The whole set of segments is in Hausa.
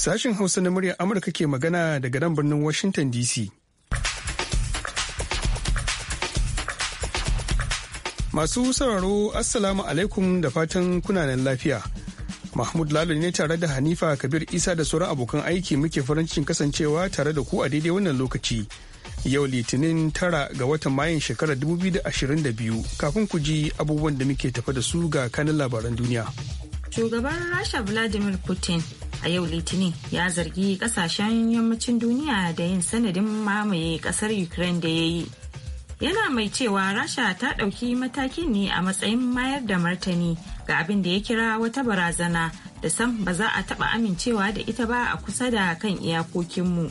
Sashen Hausa na muryar Amurka ke magana daga nan birnin Washington DC. Masu sauraro Assalamu alaikum da fatan kunanan lafiya. Mahmud Lalo ne tare da Hanifa Kabir Isa da sauran abokan aiki muke farancin kasancewa tare da ku a daidai wannan lokaci. Yau Litinin tara ga watan Mayun shekarar 2022 kafin ku ji abubuwan da muke tafa da su ga kanin labaran duniya. shugaban rasha vladimir putin a yau litinin ya zargi kasashen yammacin duniya da yin sanadin mamaye kasar ukraine da ya yi yana mai cewa rasha ta ɗauki matakin ne a matsayin mayar da martani ga abin da ya kira wata barazana da sam ba za a taɓa amincewa da ita ba a kusa da kan iyakokinmu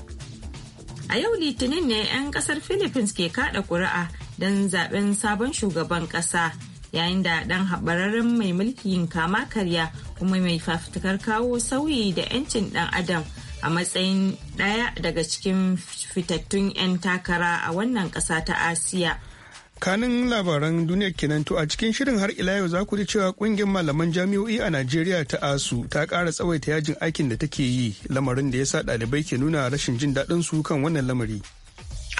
a yau litinin ne 'yan kasar philippines ke kaɗa ƙuri'a don zaben sabon shugaban ƙasa yayin da dan haɓararren mai mulkin kama karya kuma mai fafutukar kawo sauyi da 'yancin ɗan adam a matsayin ɗaya daga cikin fitattun 'yan takara a wannan ƙasa ta asiya kanin labaran duniya kenan to a cikin shirin har ila yau za ku ji cewa kungiyar malaman jami'o'i a najeriya ta asu ta ƙara tsawaita yajin aikin da take yi lamarin da ya sa ɗalibai ke nuna rashin jin daɗin su kan wannan lamari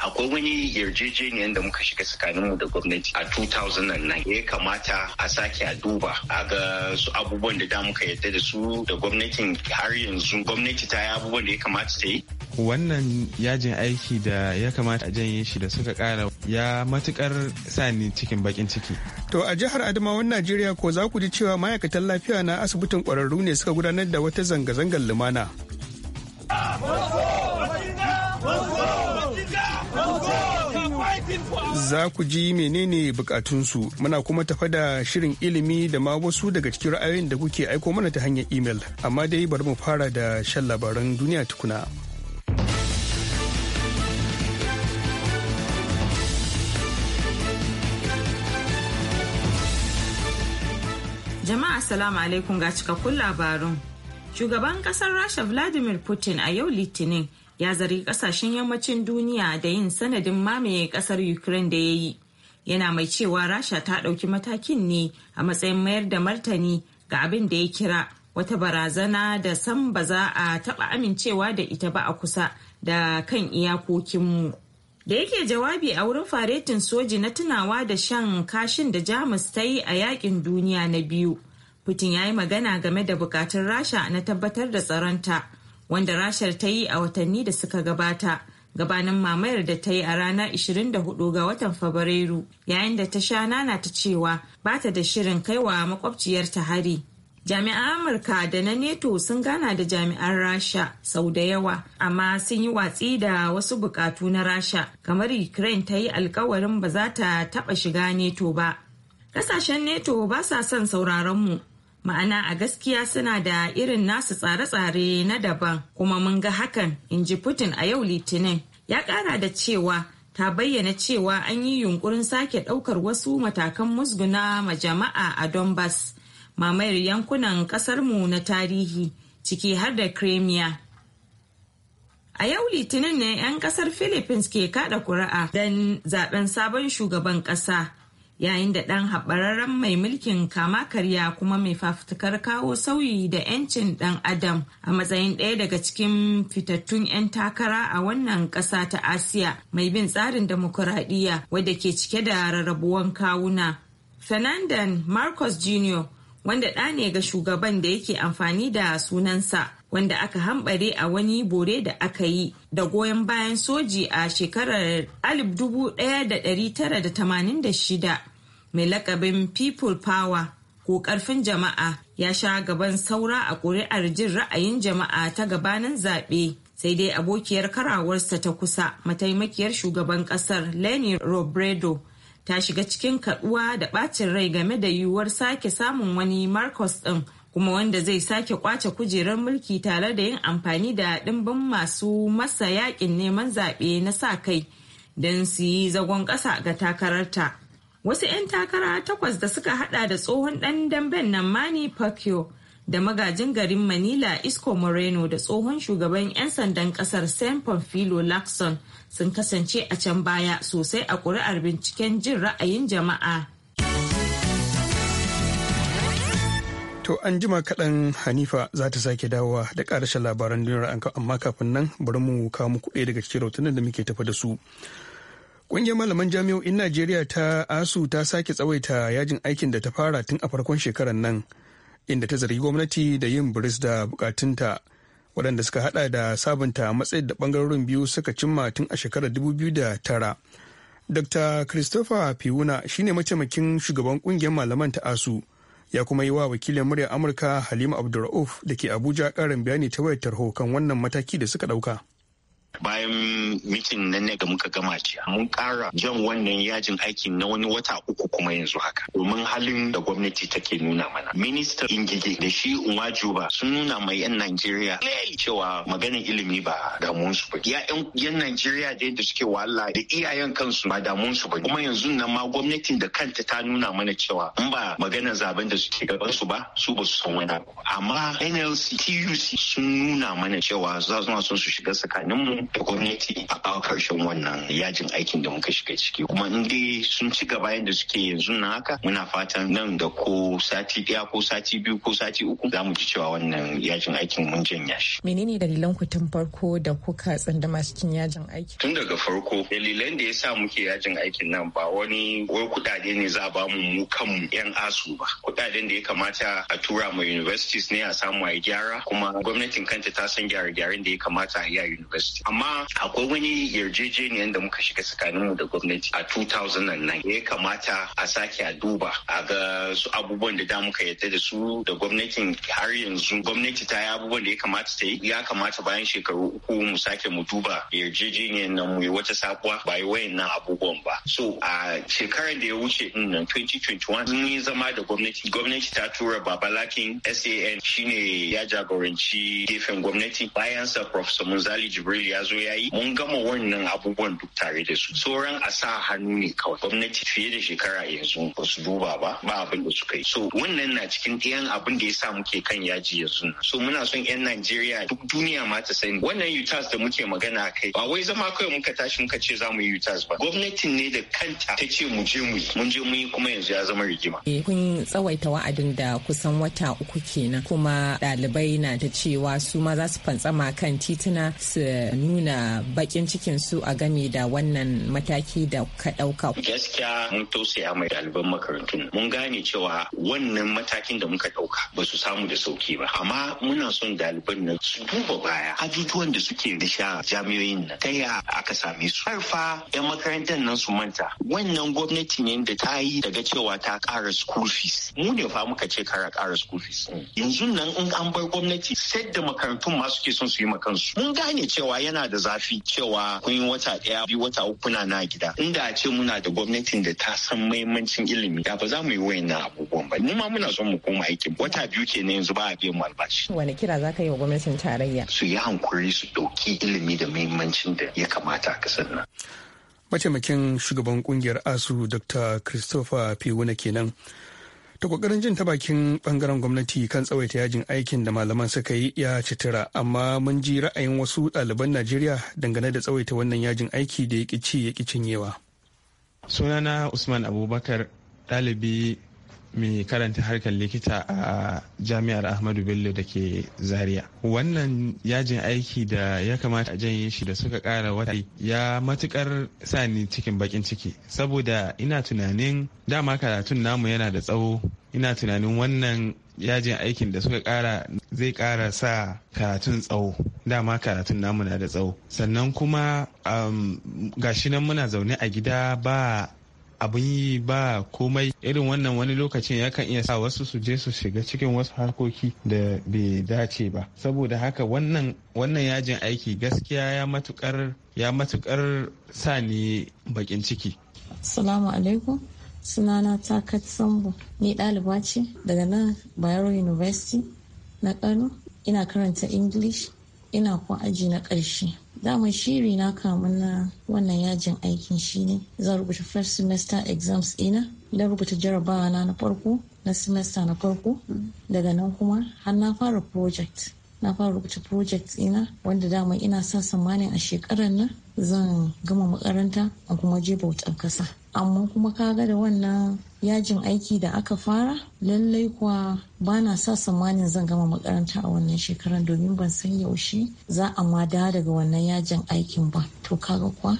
akwai wani yarjejeniyar da muka shiga tsakaninmu da gwamnati a 2009 ya kamata a sake a duba a ga su abubuwan da da muka yarda da su da gwamnatin har yanzu gwamnati ta yi abubuwan da ya kamata ta yi wannan yajin aiki da ya kamata a janye shi da suka kara ya matukar sani cikin bakin ciki to a jihar adamawan najeriya ko za ku ji cewa ma'aikatan lafiya na asibitin kwararru ne suka gudanar da wata zanga-zangar lumana za ku ji menene bukatunsu muna kuma tafa da shirin ilimi da ma wasu daga cikin ra'ayoyin da kuke aiko mana ta hanyar imel amma dai bari mu fara da shan labaran duniya tukuna jama'a assalamu alaikum ga cikakkun labarun shugaban kasar rasha vladimir putin a yau litinin ya zari kasashen yammacin duniya da yin sanadin mamaye kasar ukraine da ya yi yana mai cewa rasha ta ɗauki matakin ne a matsayin mayar da martani ga abin da ya kira wata barazana da san ba za a taɓa amincewa da ita ba a kusa da kan iyakokinmu da yake jawabi a wurin faretin soji na tunawa da shan kashin da jamus ta yi a yakin duniya na biyu putin ya yi magana game da bukatun rasha na tabbatar da tsaronta wanda rashar ta yi a watanni da suka gabata gabanin mamayar da ta yi a ranar 24 ga watan fabrairu yayin da ta sha nana ta cewa ba ta da shirin kaiwa makwabciyar ta hari jami'an amurka da na neto sun gana da jami'an rasha sau da yawa amma sun yi watsi da wasu bukatu na rasha kamar ukraine ta yi alkawarin ba za ta taba shiga neto ba kasashen neto ba sa son sauraronmu ma'ana a gaskiya suna da irin nasu tsare-tsare na daban kuma mun ga hakan in ji putin a yau litinin ya kara da cewa ta bayyana cewa an yi yunkurin sake daukar wasu matakan musguna ma jama'a a donbass mamayar yankunan kasarmu na tarihi ciki har da crimea a yau litinin ne 'yan kasar philippines ke kada kuri'a don zaben sabon shugaban kasa yayin da ɗan haɓararren mai mulkin kama karya kuma mai fafutukar kawo sauyi da 'yancin ɗan adam a matsayin ɗaya daga cikin fitattun 'yan takara a wannan ƙasa ta asiya mai bin tsarin demokuraɗiyya wadda ke cike da rarrabuwan kawuna fernandan marcos jr wanda ɗa ne ga shugaban da yake amfani da sunansa wanda aka hambare a wani bore da aka yi da goyon bayan soji a shekarar 1986 mai lakabin people power ko karfin jama'a ya sha gaban saura a ƙuri'ar jin ra'ayin jama'a ta gabanin zaɓe sai dai abokiyar karawarsa ta kusa mataimakiyar shugaban ƙasar leni robredo ta shiga cikin kaduwa da ɓacin rai game da yiwuwar sake samun wani marcos ɗin kuma wanda zai sake kwace kujerar mulki tare da yin amfani da ɗimbin masu masa yakin neman zaɓe na sa kai don su yi zagon ƙasa ga takararta. Wasu 'yan takara takwas da suka hada da tsohon ɗan damben nan Mani Pacquiao da magajin garin Manila Isco Moreno da tsohon shugaban 'yan sandan ƙasar San Pamphilo Lacson sun kasance a can baya sosai a ƙuri'ar binciken jin ra'ayin jama'a To an jima kaɗan Hanifa za ta sake dawowa da ƙarashin labaran duniyar an amma kafin nan bari mu kawo muku ɗaya daga cikin rahotannin da muke tafa da su. Ƙungiyar malaman jami'o'in Najeriya ta ASU ta sake tsawaita yajin aikin da ta fara tun a farkon shekarar nan inda ta zargi gwamnati da yin biris da bukatunta waɗanda suka haɗa da sabunta matsayin da ɓangarorin biyu suka cimma tun a shekarar dubu biyu 2009. Dr. Christopher Piwuna shine mataimakin shugaban ƙungiyar malaman ta ASU. ya kuma yi wa wakilin muryar amurka halima abdulra'uf da ke abuja karin bayani ta wayar tarho kan wannan mataki da suka ɗauka. bayan mitin nan ne da muka gama jiya mun ƙara jan wannan yajin aikin na wani wata uku kuma yanzu haka domin halin da gwamnati take nuna mana minista ingige da shi ba sun nuna mai yan najeriya cewa maganin ilimi ba damuwar su ba yan najeriya dai da suke wahala da iyayen kansu ba damuwar su ba kuma yanzu nan ma gwamnatin da kanta ta nuna mana cewa in ba maganar zaben da suke gaban su ba su ba su san wani amma nlc tuc sun nuna mana cewa za su sun su shiga mu. da gwamnati a karshen wannan yajin aikin da muka shiga ciki kuma in dai sun ci gaba yadda suke yanzu na haka muna fatan nan da ko sati ɗaya ko sati biyu ko sati uku za mu ji cewa wannan yajin aikin mun janya shi. Menene dalilan ku tun farko da kuka tsandama cikin yajin aiki? Tun daga farko dalilan da ya sa muke yajin aikin nan ba wani wai kuɗaɗe ne za a ba mu mu kanmu 'yan asu ba. Kuɗaɗen da ya kamata a tura ma universities ne a samu a gyara kuma gwamnatin kanta ta san gyare-gyaren da ya kamata a yi a university. amma akwai wani yarjejeniyar da muka shiga tsakaninmu da gwamnati a 2009 ya kamata a sake a duba a ga su abubuwan da da muka yarda da su da gwamnatin har yanzu gwamnati ta yi abubuwan da ya kamata ta yi ya kamata bayan shekaru uku mu sake mu duba yarjejeniyar nan mu yi wata sabuwa ba yi nan abubuwan ba so a shekarar da ya wuce din nan 2021 mun yi zama da gwamnati gwamnati ta tura babalakin san shine ya jagoranci gefen gwamnati bayan sa prof munzali jibril ya ya zo ya yi mun gama wannan abubuwan duk tare da su sauran a sa hannu ne kawai gwamnati fiye da shekara yanzu ba su duba ba ba abin da suka yi so wannan na cikin ɗayan abin da ya sa muke kan yaji yanzu so muna son 'yan najeriya duk duniya ma ta sani wannan utas da muke magana a kai ba wai zama kawai muka tashi muka ce za mu yi utas ba gwamnatin ne da kanta ta ce mu je mu yi mun je mu yi kuma yanzu ya zama rigima eh, kun tsawaita wa'adin da kusan wata uku kenan kuma ɗalibai na ta cewa su ma za su fantsama kan titina su nuna bakin cikin su a game da wannan mataki da ka ɗauka. Gaskiya mun tausaya mai ɗaliban makarantun mun gane cewa wannan matakin da muka ɗauka ba su samu da sauki ba amma muna son ɗaliban na su duba baya ajujuwan da suke sha jami'oyin nan ta ya aka same su har fa 'yan makarantar nan su manta wannan gwamnati ne da ta yi daga cewa ta kara school fees mu ne fa muka ce kara kara school fees yanzu nan in an bar gwamnati sai da makarantun ma suke son su yi ma kansu mun gane cewa yana yana da zafi cewa kun yi wata ɗaya biyu wata uku kuna na gida inda a ce muna da gwamnatin da ta san mahimmancin ilimi da ba za mu yi wayannan abubuwan ba mu ma muna son mu koma aikin wata biyu ke ne yanzu ba a biyan albashi. wani kira za ka yi wa gwamnatin tarayya. su yi hankuri su ɗauki ilimi da mahimmancin da ya kamata a kasar nan. mataimakin shugaban kungiyar asu dr christopher piwuna kenan. ta kokarin jin ta bakin bangaren gwamnati kan tsawaita yajin aikin da malaman suka yi ya citira amma mun ji ra'ayin wasu ɗaliban najeriya dangane da tsawaita wannan yajin aiki da ya ci ya cinyewa sunana usman abubakar ɗalibi mai karanta harkar likita a jami'ar ahmadu bello da ke zaria wannan yajin aiki da ya kamata a janye shi da suka kara wata ya matukar sani cikin bakin ciki saboda ina tunanin dama karatun namu yana da tsawo ina tunanin wannan yajin aikin da suka kara zai kara sa karatun tsawo dama karatun namu na da tsawo sannan kuma um, gashi nan muna zaune a gida ba abun yi ba komai irin wannan wani lokacin yakan iya sa wasu su je su shiga cikin wasu harkoki da bai dace ba saboda haka wannan wannan yajin aiki gaskiya ya matukar ya matukar sa ni bakin ciki salamu alaikum sunana takat sambo ni daliba ce daga nan bayero university na kano ina karanta english ina kuma aji na karshe. daman shiri na kamun na wannan yajin aikin shine zan rubuta first semester exams ina na rubuta jarabawa na na farko na semester na farko mm. daga nan kuma har na fara project na fara rubuta project ina wanda dama ina sa tsammanin a shekarar nan zan gama makaranta a kuma je bautar kasa amma kuma kaga da wannan yajin aiki da aka fara lallai kuwa ba na sa samanin zan gama makaranta a wannan shekarar domin ban san yaushe za a ma daga wannan yajin aikin ba to kaga kuwa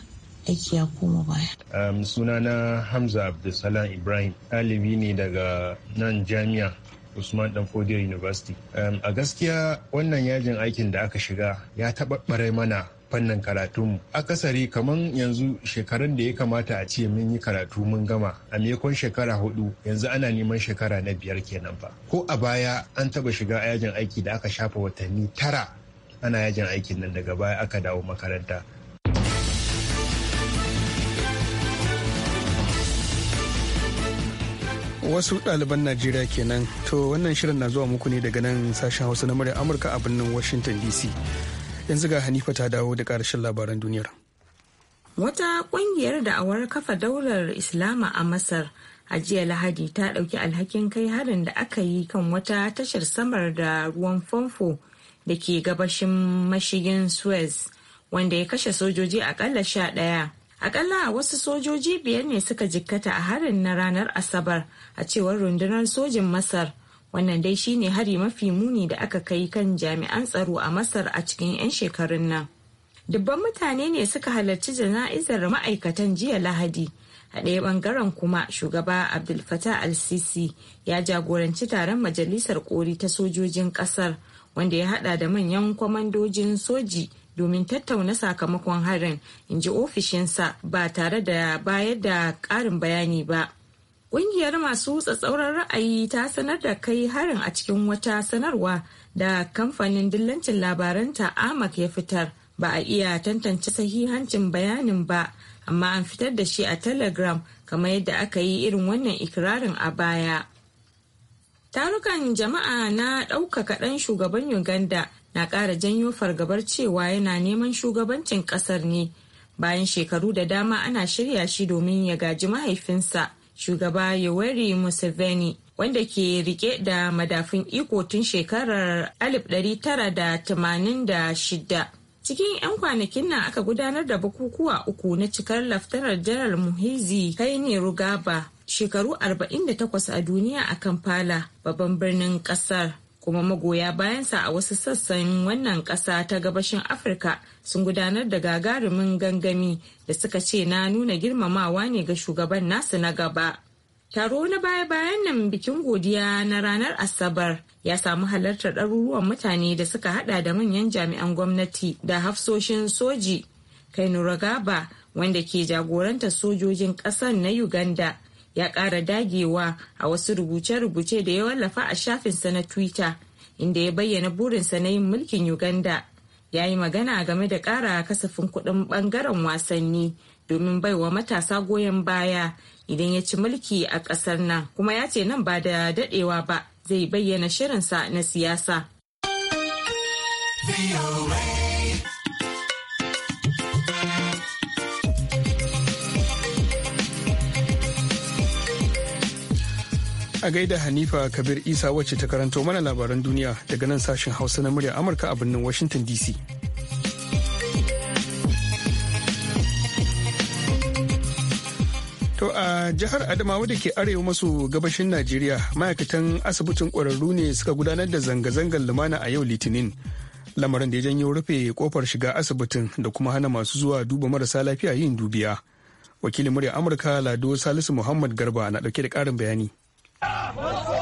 aiki ya koma baya. Um, na Hamza Abdulsalam Ibrahim ɗalibi ne daga nan jami'a usman danfodiyo university um, a gaskiya wannan yajin aikin da aka shiga ya taɓaɓɓare mana fannin karatunmu akasari kamar yanzu shekarun da ya kamata a ce mun yi karatu mun gama a maimakon shekara hudu yanzu ana neman shekara na biyar kenan ba ko a baya an taɓa shiga yajin aiki da aka shafa watanni tara ana yajin aikin nan daga baya aka dawo makaranta wasu ɗaliban najeriya kenan to wannan shirin na zuwa muku ne daga nan sashen hausa na murya amurka a birnin washington dc yanzu ga hanifa ta dawo da ƙarshen labaran duniyar wata ƙungiyar da'awar kafa daular islama a masar a jiya lahadi ta ɗauki alhakin kai harin da aka yi kan wata tashar samar da ruwan famfo da ke gabashin mashigin suez wanda ya kashe sojoji akalla sha ɗaya Akalla wasu sojoji biyar ne suka jikkata a harin na ranar Asabar a cewar rundunar sojin Masar. Wannan dai shine hari mafi muni da aka kai kan jami'an tsaro a Masar a cikin 'yan shekarun nan. Dubban mutane ne suka halarci jana'izar ma'aikatan jiya Lahadi. a ɗaya ɓangaren kuma shugaba abdul fatah al-sisi ya jagoranci taron majalisar kori ta sojojin ƙasar wanda ya haɗa da manyan kwamandojin soji domin tattauna sakamakon harin in ji ofishinsa ba tare da bayar da ƙarin bayani ba Ƙungiyar masu tsatsauran ra'ayi ta sanar da kai harin a cikin wata sanarwa da kamfanin dillancin labaranta amak ya fitar ba a iya tantance sahihancin bayanin ba amma an fitar da shi a telegram kamar yadda aka yi irin wannan ikirarin a baya tarukan jama'a na ɗaukaka ɗan shugaban uganda na ƙara janyo fargabar cewa yana neman shugabancin ƙasar ne bayan shekaru da dama ana shirya shi domin ya gaji mahaifinsa shugaba yoweri museveni wanda ke rike da madafin iko tun shekarar 1986 cikin 'yan kwanakin nan aka gudanar da bukukuwa uku na cikar laftanar janar muhizi kaine rugaba shekaru 48 a duniya a kampala babban birnin kasar kuma magoya bayansa a wasu sassan wannan ƙasa ta gabashin afirka sun gudanar da gagarumin gangami da suka ce na nuna girmamawa ne ga shugaban nasu na gaba taro na baya-bayan nan bikin godiya na ranar asabar ya samu halartar ɗaruruwan mutane da suka hada da manyan jami'an gwamnati da hafsoshin soji kainuragaba wanda ke jagorantar sojojin ƙasar na uganda ya ƙara dagewa a wasu rubuce-rubuce da ya wallafa a shafinsa na twitter inda ya bayyana burinsa na yin mulkin uganda ya yi magana game da ƙara kasafin kuɗin ɓangaren wasanni domin baiwa matasa goyon baya idan ya ci mulki a ƙasar nan kuma ya ce nan ba da daɗewa ba zai bayyana shirinsa na siyasa. a gaida Hanifa Kabir Isa wacce ta karanto mana labaran duniya daga nan sashen Hausa na murya Amurka a birnin Washington DC. To a jihar Adamawa da ke arewa maso gabashin Najeriya ma'aikatan asibitin ƙwararru ne suka gudanar da zanga-zangar lumana a yau Litinin. Lamarin da ya janyo rufe kofar shiga asibitin da kuma hana masu zuwa duba marasa lafiya yin dubiya. Wakilin murya Amurka Lado Salisu Muhammad Garba na ɗauke da ƙarin bayani. Força!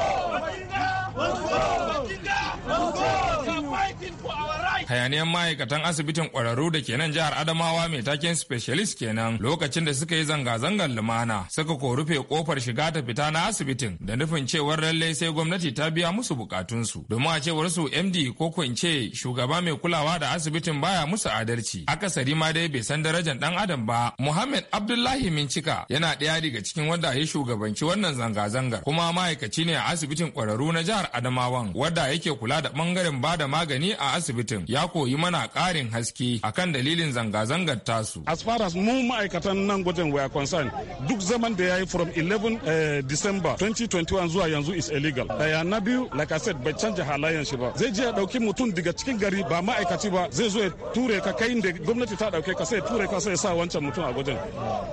hayaniyan ma'aikatan asibitin kwararru da ke nan jihar adamawa mai taken specialist kenan lokacin da suka yi zanga-zangar lumana suka ko rufe kofar shiga ta fita na asibitin da nufin cewar lallai sai gwamnati ta biya musu bukatunsu domin a cewar su md ko kwance shugaba mai kulawa da asibitin baya musu adalci akasari ma dai bai san darajar dan adam ba muhammad abdullahi mincika yana ɗaya daga cikin wanda ya shugabanci wannan zanga-zangar kuma ma'aikaci ne a asibitin kwararru na jihar adamawan wanda yake kula da bangaren ba da magani a asibitin ya koyi mana ƙarin haske akan dalilin zanga-zangar tasu. As far as mu ma'aikatan nan gwajin we concerned duk zaman da ya yi from 11 eh, December 2021 zuwa yanzu is illegal. Daya eh, na biyu like I said bai canja halayen shi ba. Zai je ya ɗauki mutum daga cikin gari ba ma'aikaci ba zai zo ya ture ka kai da gwamnati ta ɗauke ka sai ture ka sai sa wancan mutum a gwajin.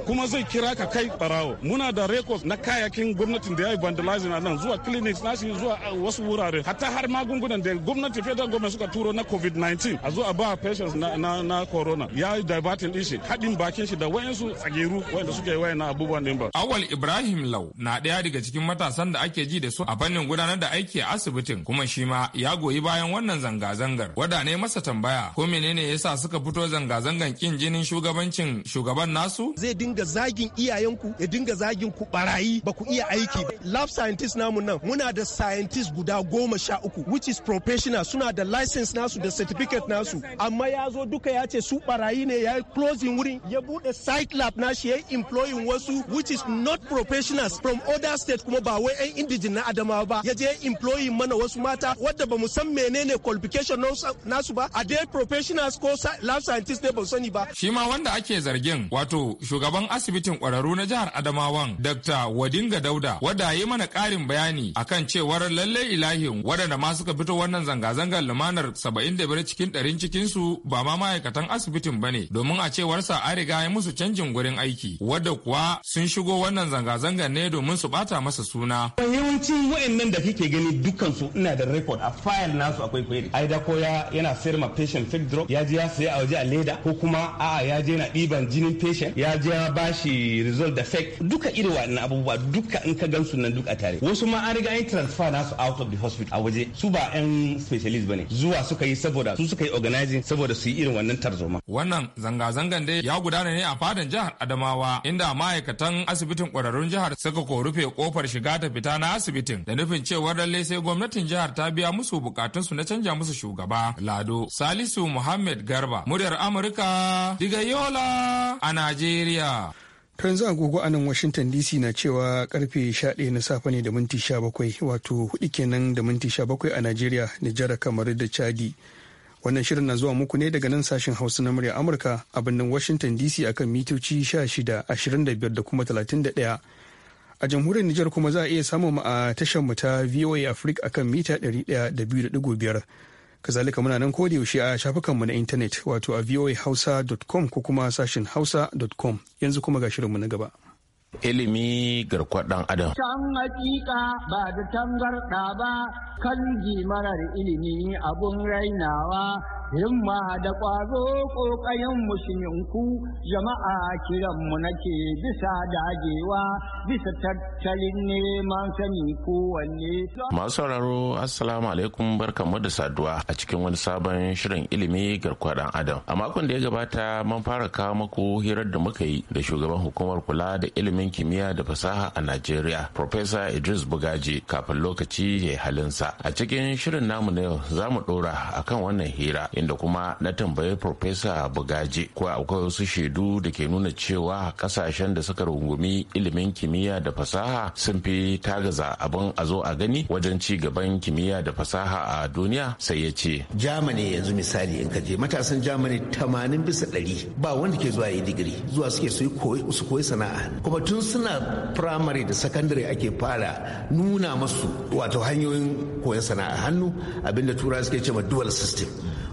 Kuma zai kira ka kai barawo. Muna da record na kayakin gwamnatin da ya yi vandalizing a nan zuwa clinics nashi zuwa eh, wasu wurare. Hatta har magungunan da gwamnati federal government suka turo na COVID-19 a zo a ba patients na, na, na corona ya yi divertin din haɗin bakin shi da wayansu tsageru wayanda suke wayan na abubuwan din ba. Awal Ibrahim Lau na ɗaya daga cikin matasan da ake ji da su a fannin gudanar da aiki a asibitin kuma shi ma ya goyi bayan wannan zanga-zangar. Wada ne masa tambaya ko menene yasa suka fito zanga-zangan kin jinin shugabancin shugaban nasu? Zai dinga zagin iyayenku ya dinga zagin ku barayi ba ku iya aiki. Lab scientist namu nan muna da scientist guda goma sha uku which is professional suna da license nasu da certificate certificate nasu amma ya zo duka ya ce su barayi ne ya closing wurin ya bude site lab nashi ya employing wasu which is not professionals from other state kuma ba wai yan indijin na adamawa ba ya je employing mana wasu mata wadda ba mu san menene qualification nasu ba a dai professionals ko lab scientist ne ba sani ba shi ma wanda ake zargin wato shugaban asibitin kwararru na jihar adamawan dr wadinga dauda wadda yi mana karin bayani akan cewar lallai ilahin waɗanda ma suka fito wannan zanga-zangar lumanar 75 cikin ɗarin cikinsu ba ma ma'aikatan asibitin ba ne domin a cewarsa an riga ya musu canjin gurin aiki wadda kuwa sun shigo wannan zanga-zangar ne domin su bata masa suna. Yawancin wa'annan da kike gani dukansu ina da record a file nasu akwai query. Aida ko ya yana sayar ma patient fake drug ya je ya sayi a waje a leda ko kuma a'a ya je na ɗiban jinin patient ya je ya bashi result da fake duka irin wa'annan abubuwa duka in ka gansu nan duka tare. Wasu ma an riga an transfer nasu out of the hospital a waje su ba 'yan specialist ne zuwa suka yi saboda suka yi organizing saboda su yi irin wannan tarzoma. Wannan zanga-zangan dai ya gudana ne a fadan jihar Adamawa inda ma'aikatan asibitin kwararrun jihar suka ko rufe kofar shiga ta fita na asibitin da nufin cewa lalle sai gwamnatin jihar ta biya musu bukatunsu na canja musu shugaba. Lado Salisu Muhammad Garba muryar Amurka diga Yola a Najeriya. To yanzu agogo a nan Washington DC na cewa karfe 11 na safe ne da minti 17 wato hudu kenan da minti 17 a Najeriya, Nijar, kamar da Chadi. Wannan shirin na zuwa muku ne daga nan sashen Hausa na murya Amurka a birnin Washington DC akan mitoci 16, ashirin da kuma 31. A jamhuriyar Nijar kuma za a iya samun mu a tashar mu ta VOA Africa akan mita biyar Kazalika muna nan koda yaushe a shafukan mu na intanet wato a voahausa.com ko kuma sashen hausa.com. Yanzu kuma ga shirin mu na gaba. ilimi garkuwar dan adam. Can hakika ba da tangarɗa ba kan marar ilimi abun rainawa himma da ƙwazo ƙoƙayen musulunku jama'a kiranmu nake bisa dagewa bisa tattalin neman sani kowanne. Masu sauraro Assalamu alaikum barkamu da saduwa a cikin wani sabon shirin ilimi garkuwar dan adam. A makon da ya gabata mun fara kawo muku hirar da muka yi da shugaban hukumar kula da ilimi. ilimin kimiyya da fasaha a Najeriya, Profesa Idris Bugaji kafin lokaci ya halinsa. A cikin shirin namu na yau za mu ɗora kan wannan hira inda kuma na tambayi Profesa Bugaji ko akwai wasu shaidu da ke nuna cewa kasashen da suka rungumi ilimin kimiyya da fasaha sun fi tagaza abin a zo a gani wajen ci gaban kimiyya da fasaha a duniya sai ya ce. Germany yanzu misali in ka je matasan Germany tamanin bisa ɗari ba wanda ke zuwa yi digiri zuwa suke su koyi sana'a kuma tun suna primary da secondary ake fara nuna masu wato hanyoyin koyon sana'a hannu abinda tura suke ma dual system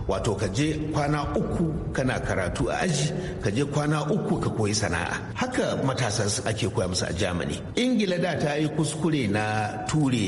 wato ka je kwana uku kana karatu a aji ka je kwana uku ka koyi sana'a haka matasa ake koya musu a germany ingila da ta yi kuskure na ture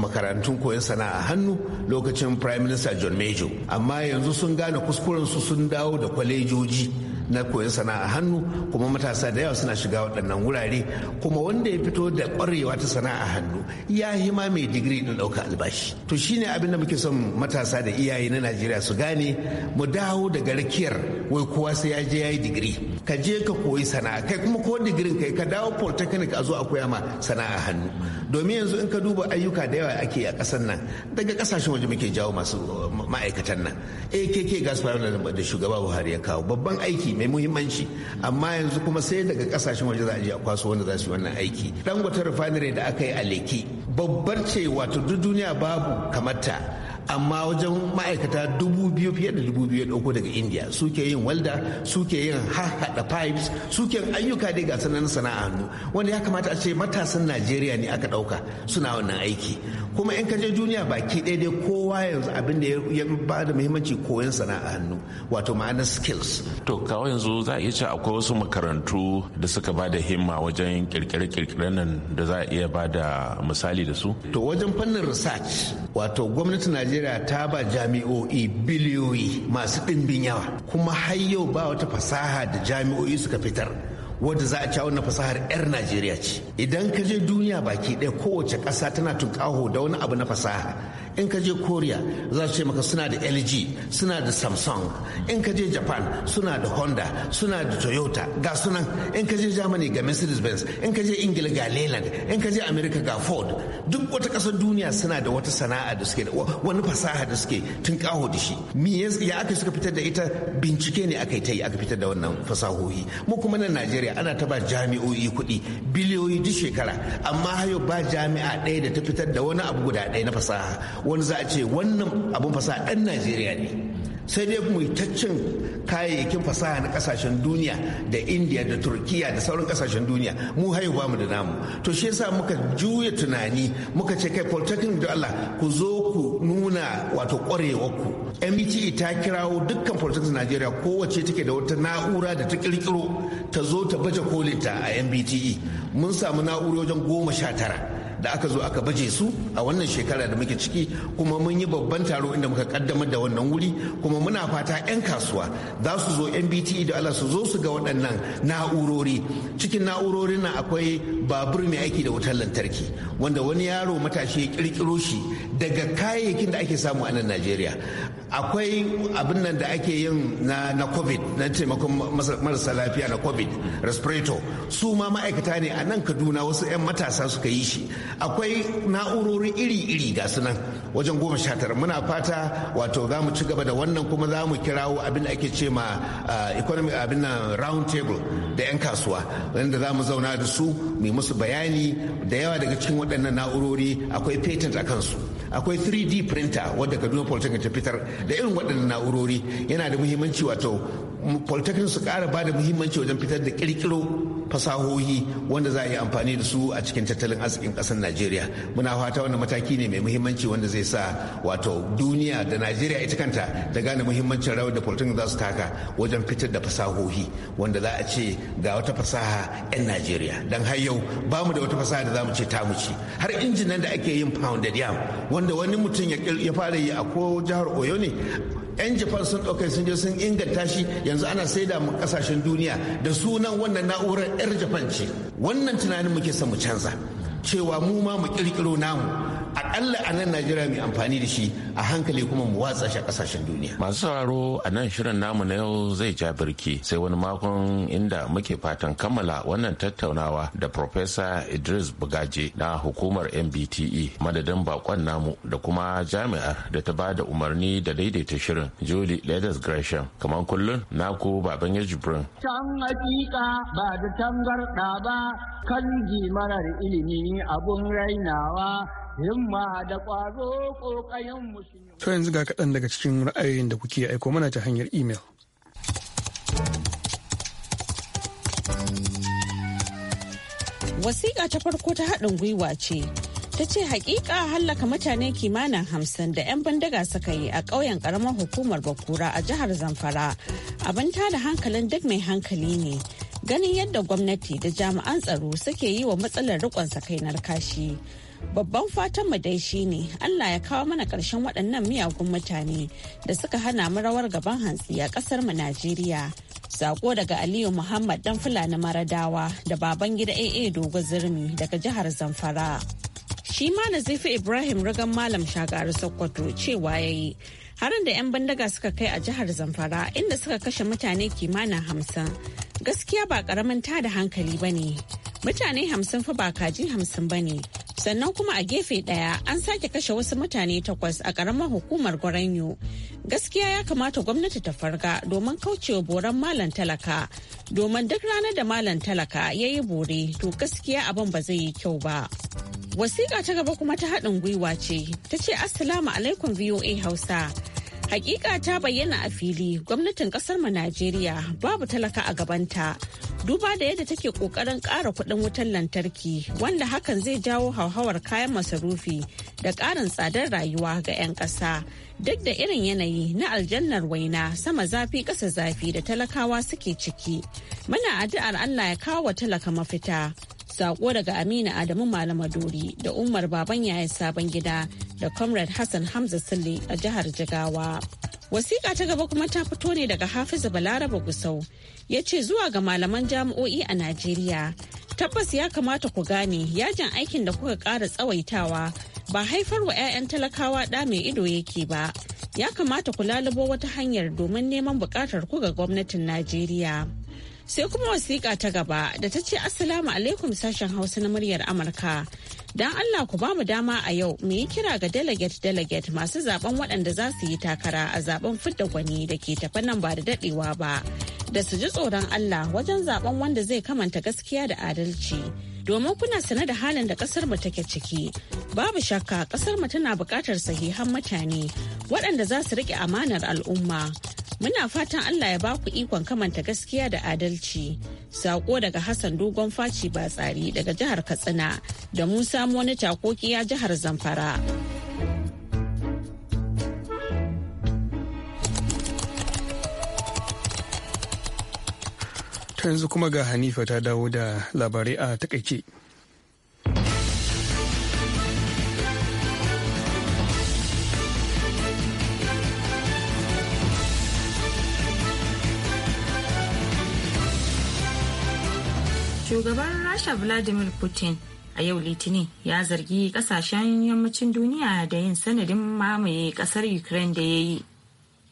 makarantun koyon sana'a hannu lokacin prime minister john major amma yanzu sun gane kuskuren su sun dawo da kwalejoji na koyon sana'a hannu kuma matasa da yawa suna shiga waɗannan wurare kuma wanda ya fito da ƙwarewa ta sana'a hannu ya ma mai digiri ɗin ɗauka albashi to shine abin da muke son matasa da iyaye na najeriya su gane mu dawo daga rakiyar wai kowa sai ya je ya yi digiri ka je ka koyi sana'a kai kuma ko digirin kai ka dawo polytechnic a zo a koya ma sana'a hannu domin yanzu in ka duba ayyuka da yawa ake a ƙasar nan daga ƙasashen waje muke jawo masu ma'aikatan nan akk gas da shugaba buhari ya kawo babban aiki mai muhimmanci amma yanzu kuma sai daga kasashen waje za a je a kwaso wanda za su yi wannan aiki wata rufanire da aka yi a leke babbar ce wato duk duniya babu kamata amma wajen ma'aikata dubu biyu fiye da dubu biyu ɗauko daga india suke yin walda suke yin haɗa pipes suke ayyuka dai ga sanan sana'a hannu wanda ya kamata a ce matasan najeriya ne aka ɗauka suna wannan aiki kuma in ka je duniya baki ɗaya dai kowa yanzu abin da ya ba da muhimmanci koyon sana'a hannu wato ma'anar skills to kawo yanzu za a iya ce akwai wasu makarantu da suka ba da himma wajen kirkire-kirkire nan da za a iya ba da misali da su to wajen fannin research wato gwamnatin najeriya najeriya ta ba jami'o'i biliyoyi masu ɗimbin yawa kuma har yau ba wata fasaha da jami'o'i suka fitar wadda za a ci wannan fasahar 'yar najeriya ce idan ka je duniya baki ɗaya kowace ƙasa tana tunƙaho da wani abu na fasaha in ka je koriya za su ce maka suna da lg suna da samsung in ka je japan suna da honda suna da toyota ga sunan in ka je germany ga mercedes benz in ka je ingila ga leland in ka je america ga ford duk wata kasar duniya suna da wata sana'a da suke wani fasaha da suke tun kaho da shi me ya aka suka fitar da ita bincike ne aka yi ta yi aka fitar da wannan fasahohi mu kuma na najeriya ana ta ba jami'o'i kuɗi biliyoyi duk shekara amma hayo ba jami'a ɗaya da ta fitar da wani abu guda ɗaya na fasaha wani za a ce wannan abin fasaha ɗan najeriya ne sai dai mu taccin kayayyakin fasaha na kasashen duniya da indiya da turkiya da sauran kasashen duniya mu haihu bamu mu da namu to shi yasa muka juya tunani muka ce kai polytechnic da allah ku zo ku nuna wato ku MBTE e ta kirawo dukkan polytechnic najeriya kowace take da wata na'ura da ta kirkiro ta zo ta baje kolinta a MBTE mun samu na'urori wajen goma sha tara da aka zo aka baje su a wannan shekara da muke ciki kuma mun yi babban taro inda muka kaddamar da wannan wuri kuma muna fata 'yan kasuwa za su zo mbte da allah su zo su ga waɗannan na'urori cikin na'urorin nan akwai babur mai aiki da wutar lantarki wanda wani yaro matashi ya kirkiro shi daga kayayyakin da ake samu a nan najeriya akwai abin nan da ake yin na, na covid na taimakon marasa lafiya na covid respirator su ma ma'aikata ne a nan kaduna wasu 'yan matasa suka yi shi akwai na'urori iri-iri ga su nan wajen goma sha tara muna fata wato za mu ci gaba da wannan kuma za mu kirawo abin da ake ce ma ah, economy abin nan round table da 'yan kasuwa wanda za mu zauna da su mu musu bayani da yawa daga cikin waɗannan na'urori akwai patent a kansu akwai 3d printer wadda kaduna polytechnic ta fitar da irin waɗannan na'urori yana da muhimmanci wato polytechnic su ƙara ba da muhimmanci wajen fitar da ƙirƙiro fasahohi wanda za a yi amfani da su a cikin tattalin arzikin ƙasar najeriya muna fata wani mataki ne mai muhimmanci wanda zai sa wato duniya da najeriya ita kanta da gane muhimmancin rawar da politics za su taka wajen fitar da fasahohi wanda za a ce ga wata fasaha 'yan najeriya don har yau ba mu da wata fasaha da za mu ce ta mu ci har nan da ake yin pounded yam wanda wani mutum ya fara yi a ko jihar oyo ne 'yan japan sun ɗauka sun je sun inganta shi yanzu ana saida mu kasashen duniya da sunan wannan na'urar 'yar japan ce wannan tunanin muke mu canza cewa mu ma mu kirkiro namu akalla a nan najeriya mai amfani da shi a hankali kuma mu watsa shi a kasashen duniya masu sauraro a nan shirin namu na yau zai ja birki sai wani makon inda muke fatan kammala wannan tattaunawa da Profesa idris bugaje na hukumar mbte madadin bakon namu da kuma jami'ar da ta ba da umarni da daidaita shirin julie leathers gresham kamar kullum na naku baban ya jibrin can ba da tangarda ba kan marar ilimi abun rainawa himma da ƙwazo ƙoƙayen musulmi. To yanzu ga kaɗan daga cikin ra'ayoyin da kuke aiko mana ta hanyar imel. Wasiƙa ta farko ta haɗin gwiwa ce. ta ce haƙiƙa hallaka mutane kimanin hamsin da 'yan bindiga suka yi a ƙauyen ƙaramar hukumar bakura a jihar zamfara abin tada hankalin duk mai hankali ne ganin yadda gwamnati da jami'an tsaro suke yi wa matsalar rikon sakainar kashi Babban fatan mu dai shine Allah ya kawo mana ƙarshen waɗannan miyagun mutane da suka hana mu rawar gaban hantsi a ƙasar mu Najeriya. Sako daga Aliyu Muhammad dan Fulani Maradawa da baban gida AA Dogo Zirmi daga jihar Zamfara. Shi ma Nazifi Ibrahim rigan Malam Shagaru Sokoto cewa yayi harin da 'yan bandaga suka kai a jihar zamfara inda suka kashe mutane kimanin hamsin gaskiya ba karamin da hankali ba ne mutane hamsin fa ba kaji hamsin ba ne sannan kuma a gefe daya an sake kashe wasu mutane takwas a karamar hukumar gwaranyo gaskiya ya kamata gwamnati ta farga domin kaucewa boran malam talaka domin duk ranar da malam talaka ya yi bore to gaskiya abin ba zai yi kyau ba wasiƙa ta gaba kuma ta haɗin gwiwa ce ta ce assalamu alaikum voa hausa Hakika ta bayyana a fili gwamnatin kasar mu Najeriya babu talaka a gabanta. Duba da yadda take kokarin ƙara kudin wutar lantarki wanda hakan zai jawo hauhawar kayan masarufi da ƙarin tsadar rayuwa ga 'yan kasa Duk da irin yanayi na aljannar waina sama zafi kasa zafi da talakawa suke ciki. Muna addu'ar Allah ya kawo wa talaka mafita. Sako daga Amina Adamu Malamadori da Umar Baban Yaya Sabon Gida da Comrade Hassan Hamza sule a jihar Jigawa. Wasiƙa ta gaba kuma ta fito ne daga hafiza Balaraba Gusau. Ya ce zuwa ga malaman jami'o'i a Najeriya. Tabbas ya kamata ku gane yajin aikin da kuka ƙara tsawaitawa ba haifar wa 'ya'yan talakawa ɗa mai ido yake ba. Ya kamata ku lalubo wata hanyar domin neman buƙatar ku ga gwamnatin Najeriya. Sai kuma wasiƙa ta gaba da ta ce Assalamu alaikum sashen Hausa na muryar Amurka. Don Allah ku ba mu dama a yau mu yi kira ga delegate delegate masu zaben waɗanda za su yi takara a zaben fidda gwani da ke tafa nan ba da daɗewa ba. Da su ji tsoron Allah wajen zaben wanda zai kamanta gaskiya da adalci. Domin kuna sane da halin da ƙasar mu take ciki. Babu shakka ƙasar mu tana buƙatar sahihan mutane waɗanda za su riƙe amanar al'umma. Muna fatan Allah ya baku ikon kamanta gaskiya da adalci. Sako daga Hassan Dogon Faci Batsari daga jihar Katsina da Musa wani takokiya jihar Zamfara. Ta yanzu kuma ga Hanifa ta dawo da labarai a takaice. shugaban rasha vladimir putin a yau litinin ya zargi kasashen yammacin duniya da yin sanadin mamaye kasar ukraine da ya yi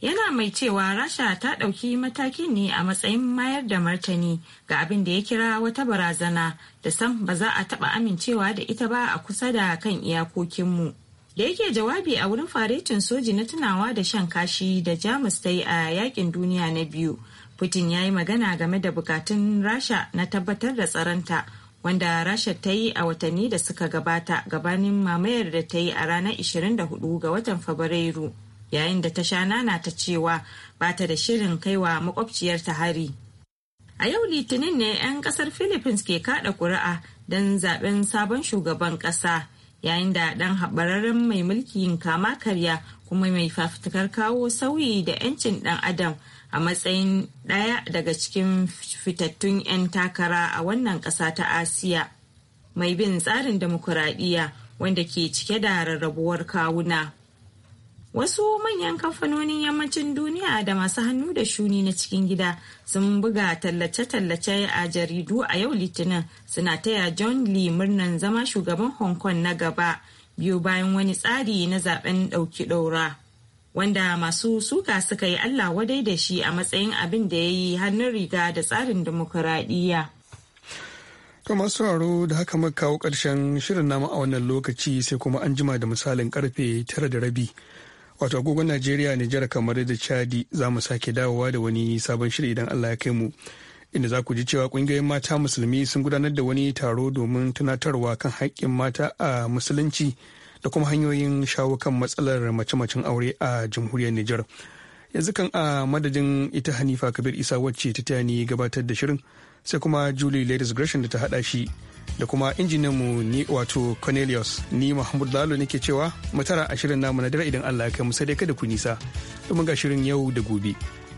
yana mai cewa rasha ta ɗauki matakin ne a matsayin mayar da martani ga abin da ya kira wata barazana da sam ba za a taba amincewa da ita ba a kusa da kan iyakokinmu da yake jawabi a wurin faretin soji na tunawa da shan kashi da jamus ta yi a yakin duniya na biyu putin ya yi magana game da bukatun rasha na tabbatar da tsaronta wanda rasha ta yi a watanni da suka gabata gabanin mamayar da ta yi a ranar 24 ga watan fabrairu yayin da ta sha nana ta cewa ba ta da shirin kaiwa makwabciyarta hari a yau litinin ne 'yan kasar philippines ke kada kuri'a don zaben sabon shugaban kasa yayin da dan habararren mai mulkin kama karya kuma mai fafutukar kawo sauyi da 'yancin dan adam a matsayin ɗaya daga cikin fitattun 'yan takara a wannan ƙasa ta asiya mai bin tsarin demokuraɗiyya wanda ke cike da rarrabuwar kawuna wasu manyan kamfanonin yammacin duniya da masu hannu da shuni na cikin gida sun buga tallace-tallace a jaridu a yau litinin suna taya john lee murnan zama shugaban hong kong na gaba biyu bayan wani tsari na zaben ɗauki ɗaura wanda masu suka suka yi Allah wadai da shi a matsayin abin da ya yi hannun riga da tsarin dimokuraɗiyya. kamar sauraro da haka muka kawo ƙarshen shirin nama a wannan lokaci sai kuma an jima da misalin karfe tara da rabi. Wato agogon Najeriya, Nijar, kamar da Chadi za mu sake dawowa da wani sabon shiri idan Allah ya kai mu. Inda za ku ji cewa ƙungiyoyin mata musulmi sun gudanar da wani taro domin tunatarwa kan haƙƙin mata a musulunci. da kuma hanyoyin shawo kan matsalar mace-macen aure a jamhuriyar Nijar. Yanzu kan a madadin ita Hanifa Kabir Isa wacce ta taya ni gabatar da shirin sai kuma Julie Ladies Gresham da ta hada shi da kuma injinanmu ni wato Cornelius ni Mahmud Lalo nake cewa matara a shirin namu na dara idan Allah ya kai mu sai dai kada ku nisa domin ga shirin yau da gobe.